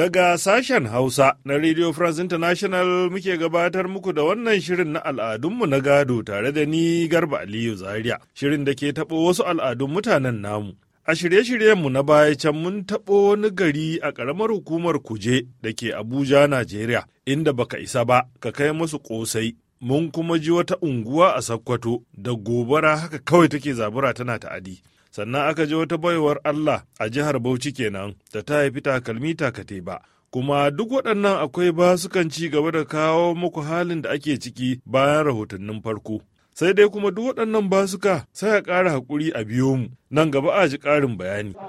Daga sashen Hausa na Radio France International muke gabatar muku da wannan shirin na al'adunmu na gado tare da ni Garba Aliyu Zaria, shirin da ke taɓo wasu al'adun mutanen namu. A shirye-shiryenmu na baya can mun taɓo wani gari a ƙaramar hukumar Kuje da ke Abuja, Najeriya, inda baka isa ba, ka kai musu ƙosai. Mun kuma ji wata unguwa a Sakkwato da gobara haka kawai take zabura tana ta'adi. sannan aka je wata baiwar Allah a jihar Bauchi kenan da ta haifi takalmi takate ba. Kuma duk waɗannan akwai ba sukan ci gaba da kawo muku halin da ake ciki bayan rahotannin farko. Sai dai kuma duk waɗannan basuka sai a ƙara haƙuri a biyo mu nan gaba a ji ƙarin bayani. A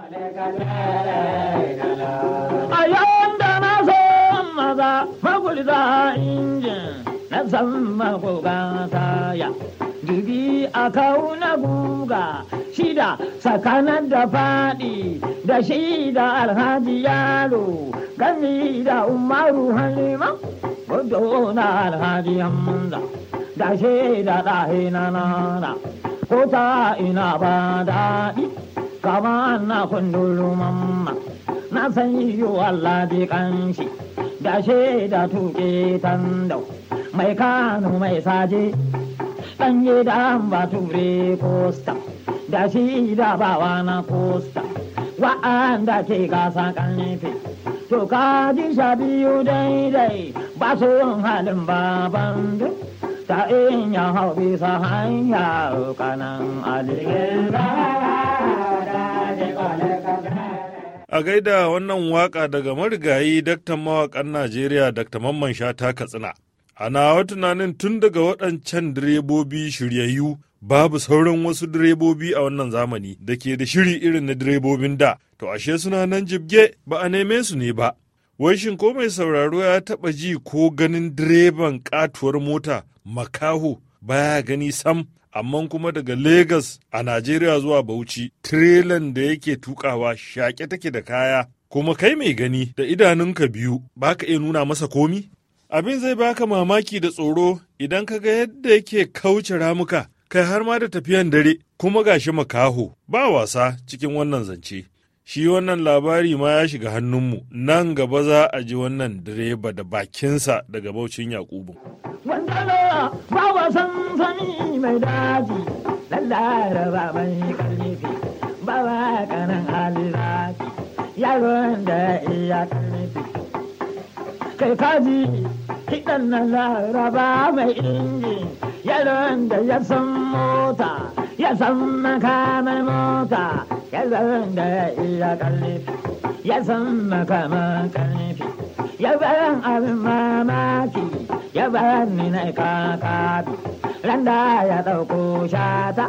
maza a kauna guga shida sakana da faɗi da shida alhaji yaro gami da umaru halima gudu na alhaji hamza da shida da ɗahe nana ko ta ina ba daɗi kama na kundulu mamma na san yiwu Allah kanshi da shida da tuƙe mai kanu mai saje dan yi da tumre posta da shi da bawa na posta wa'anda ke gasa kanfe to ka ji sha biyu daidai ba su halin baban duk ta in ya sa bisa hanya kanan alikin A gaida wannan waka daga marigayi daktan mawakan Najeriya Dr. Mamman Shata Katsina. Ana wa tunanin tun daga waɗancan direbobi shiryayyu babu sauran wasu direbobi a wannan zamani da ke da shiri irin na direbobin da, to ashe suna nan jibge ba a neme su ne ba. Wai shin ko mai sauraro ya taɓa ji ko ganin direban ƙatuwar mota makaho baya gani sam amma kuma daga Legas a Najeriya zuwa Bauchi, tirelan da yake tukawa shaƙe take da kaya, kuma kai mai gani da idanunka biyu ba ka iya nuna masa komi? Abin zai baka mamaki da tsoro idan ka ga yadda yake kauce ramuka, kai har ma da tafiyan dare, kuma ga shi makaho, ba wasa cikin wannan zance. Shi wannan labari ma ya shiga hannunmu, nan gaba za a ji wannan direba da bakinsa daga baucin Yakubu. kai kaji kiɗan na laraba mai inji yaron da ya san mota ya san makamar mota yaron da ya iya karnifi ya san makamar karnifi ya bayan abin mamaki ya bayan ni na kakabi randa ya ɗauko shata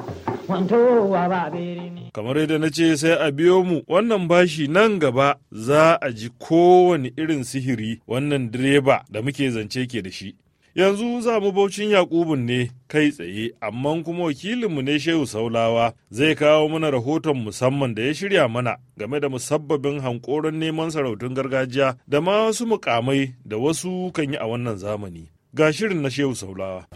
wa ba birni Kamar yadda na ce sai a biyo mu wannan bashi nan gaba za a ji kowane irin sihiri wannan direba da muke zance ke da shi. Yanzu za mu baucin Yakubun ne kai tsaye, amma kuma wakilinmu ne Shehu Saulawa zai kawo mana rahoton musamman da ya shirya mana game da musabbabin hankoron neman sarautun gargajiya da ma wasu mukamai da wasu kan yi a wannan zamani. Ga shirin na Shehu Saulawa.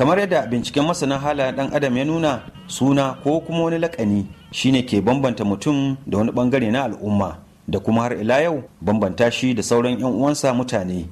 kamar yadda binciken masana hala dan adam ya nuna suna ko kuma wani lakani shine ke bambanta mutum da wani bangare na al'umma da kuma har ila yau bambanta shi da sauran 'yan uwansa mutane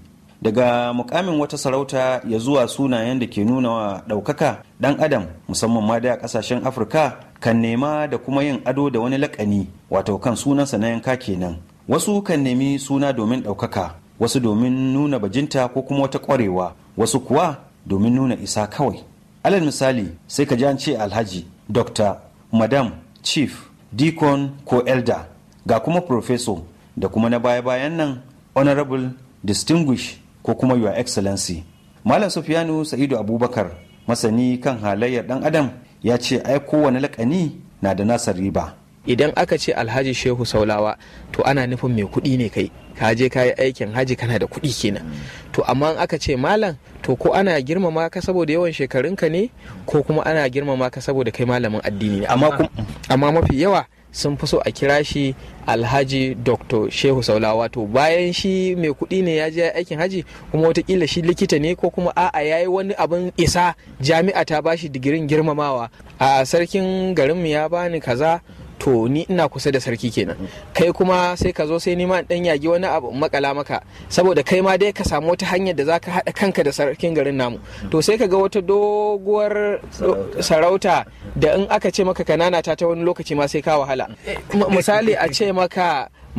daga mukamin wata sarauta ya zuwa sunayen da ke nuna wa ɗaukaka dan adam musamman ma da kasashen afirka kan nema da kuma yin ado da wani lakani wato kan sunansa na yanka kenan wasu kan nemi suna domin ɗaukaka wasu domin nuna bajinta ko kuma wata kwarewa wasu kuwa domin nuna isa kawai alal misali sai ka an ce alhaji Dr madam chief deacon ko elder ga kuma professor da kuma na baya-bayan nan honorable distinguished ko kuma your excellency malam sufiyanu sa'idu abubakar masani kan halayyar ɗan adam ya ce ai kowane lakani na da nasa riba idan aka ce alhaji shehu saulawa to ana nufin mai kuɗi ne kai ka je ka yi aikin haji kana da kuɗi kenan to amma aka ce malam to ko ana girmama ka saboda yawan shekarunka ne ko kuma ana girmama ka saboda kai malamin addini ne amma mafi yawa sun fi so a kira shi alhaji dr shehu saulawa to bayan shi mai kuɗi ne ya je aikin haji kuma watakila shi likita ne ko kuma a'a ya yi wani abin isa jami'a ta bashi digirin girmamawa a sarkin garinmu ya bani kaza to ni ina kusa da sarki kenan kai kuma sai ka zo sai ni ma dan yagi wani abu makala maka saboda kai ma dai ka samu wata hanyar da zaka haɗa kanka da sarkin garin namu to sai ka ga wata doguwar sarauta da in aka ce maka kanana ta ta wani lokaci ma sai ka wahala misali a ce maka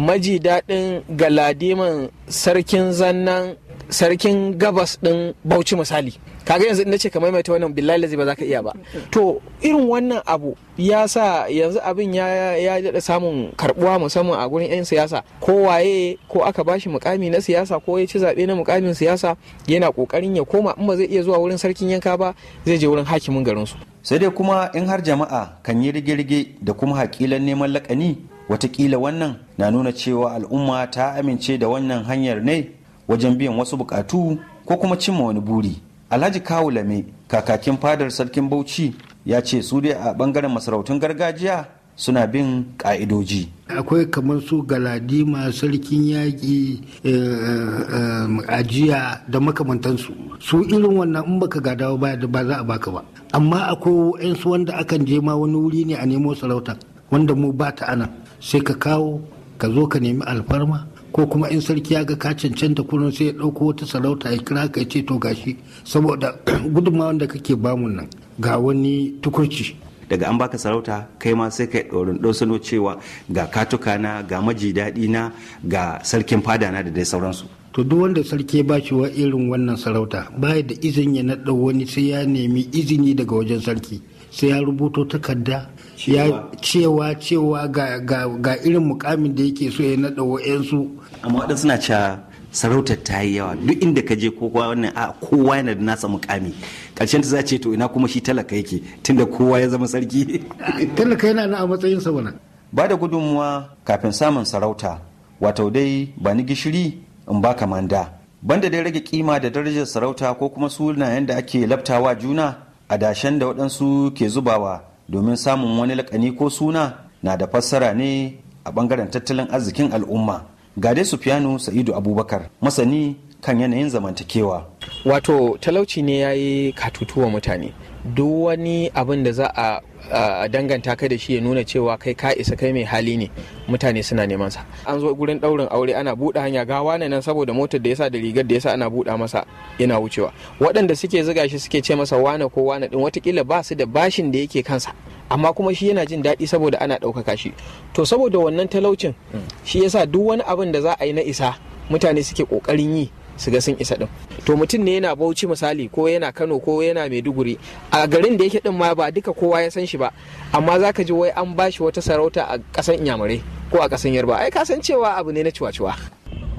maji daɗin galadiman sarkin zannan sarkin gabas ɗin bauchi misali kaga yanzu ina ce ka maimaita wannan billahi lazi ba za ka iya ba to irin wannan abu ya sa yanzu abin ya ya daɗa samun karbuwa musamman a gurin yan siyasa ko waye ko aka bashi mukami na siyasa ko ya ci zaɓe na mukamin siyasa yana kokarin ya koma in ba zai iya zuwa wurin sarkin yanka ba zai je wurin hakimin garin su sai dai kuma in har jama'a kan yi rige-rige da kuma hakilan neman lakani watakila wannan na nuna cewa al'umma ta amince da wannan hanyar ne wajen biyan wasu bukatu ko kuma cimma wani buri alhaji kawu lame kakakin fadar sarkin bauchi ya ce su dai a bangaren masarautun gargajiya suna bin ka'idoji akwai kamar su galadima sarkin yaƙi eh, eh, eh, ajiya da makamantansu su irin wannan in baka gada ba ba za a baka ba amma akwai 'yansu wanda akan je ma wani wuri ne a nemo sarauta wanda mu ba ta ana sai ka kawo ka zo ka nemi alfarma ko kuma in sarki ya ga ka cancanta kurin sai ya ɗauko wata sarauta ya kira ka ce to gashi saboda gudunmawar da kake bamu nan ga wani tukurci daga an baka sarauta kai ma sai kai ɗorin ɗosano cewa ga katukana, ga maji daɗi na ga sarkin fada na da dai sauransu to duk wanda sarki ya bashi wa irin wannan sarauta baya da izini ya naɗa wani sai ya nemi izini daga wajen sarki sai ya rubuto takarda ya cewa cewa ga irin mukamin da yake so ya naɗa wa'yansu amma waɗansu suna cewa sarautar ta yi yawa duk inda ka je kowa wannan a kowa yana da nasa mukami karshen ta za ce to ina kuma shi talaka yake tunda kowa ya zama sarki talaka yana na a matsayin sa wannan ba da gudunmuwa kafin samun sarauta wato dai ba ni gishiri in ka manda banda dai rage kima da darajar sarauta ko kuma sunayen da ake laftawa juna adashen da waɗansu ke zubawa domin samun wani laƙani ko suna na da fassara ne a ɓangaren tattalin arzikin al'umma gade sufiyanu sa'idu abubakar masani kan yanayin zamantakewa wato talauci ne ya yi katutuwa mutane duk wani abin da za a danganta ka da shi ya nuna cewa kai ka isa kai mai hali ne mutane suna neman sa an zo gurin daurin aure ana buɗe hanya gawa wane nan saboda motar da yasa da rigar da yasa ana buɗa masa yana wucewa waɗanda suke ziga shi suke ce masa wane ko wane din watakila ba su da bashin da yake kansa amma kuma shi yana jin daɗi saboda ana ɗaukaka shi to saboda wannan talaucin mm. shi yasa duk wani abin da za a yi na isa mutane suke ƙoƙarin yi su ga sun isa din to mutum ne yana bauchi misali ko yana kano ko yana maiduguri a garin da yake ɗin ma ba duka kowa ya san shi ba amma za ka ji wai an ba shi wata sarauta a kasan inyamurai ko a kasan yarba ai ka san cewa abu ne na ciwaciwa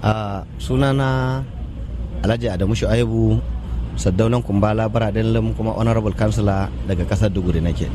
a sunana alhaji adamu shu'aibu saddaunan kumbala baraden lim kuma honorable councillor daga ƙasar duguri nake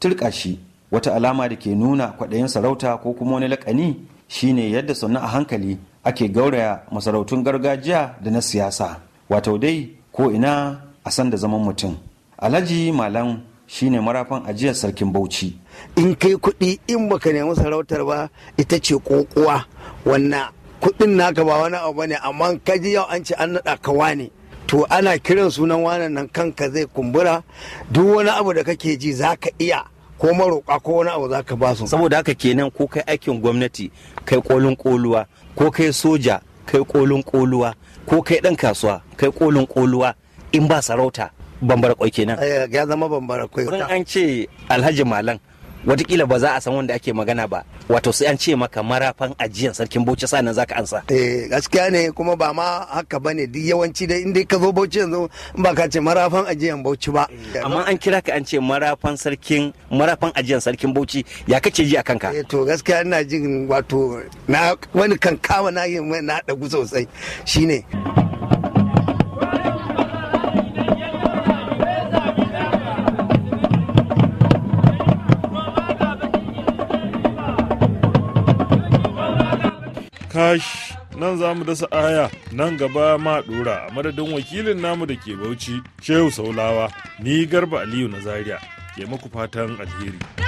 turka shi wata alama da ke nuna kwaɗayin sarauta ko kuma wani lakani shine yadda sannu a hankali ake gauraya masarautun gargajiya da na siyasa wato dai ko ina a san da zaman mutum alhaji malam shine marafan ajiyar sarkin bauchi in kai kuɗi in baka nemi sarautar ba ita ce kokuwa wannan kuɗin naka ba wani abu ne amma kaji ji yau an ce an naɗa ka wane to ana kiran sunan wanan nan kanka zai kumbura duk wani abu da kake ji za ka iya ko maroƙa ko wani abu za ka ba su saboda haka kenan ko kai aikin gwamnati kai kolin koluwa ko kai soja kai kolin koluwa ko kai ɗan kasuwa kai kolin koluwa in ba sarauta bambara kwai kenan ya zama bambara kwai an ce alhaji malam watakila ba za a san wanda ake magana ba wato sai an ce maka marafan ajiyar sarkin bauchi sa nan zaka ansa eh gaskiya ne kuma ba ma haka bane duk yawanci dai inda ka zo bauchi yanzu in ba ka ce marafan ajiyar bauchi ba eh, amma an kira ka an ce marafan sarkin marafan ajiyar sarkin bauchi ya kace ji akan ka eh to gaskiya ina jin wato na wani kankawa na yi na dagu sosai shine kash nan za mu dasa aya nan gaba ma dora a madadin wakilin namu da ke bauchi shehu saulawa ni garba aliyu na zaria ke maku fatan alheri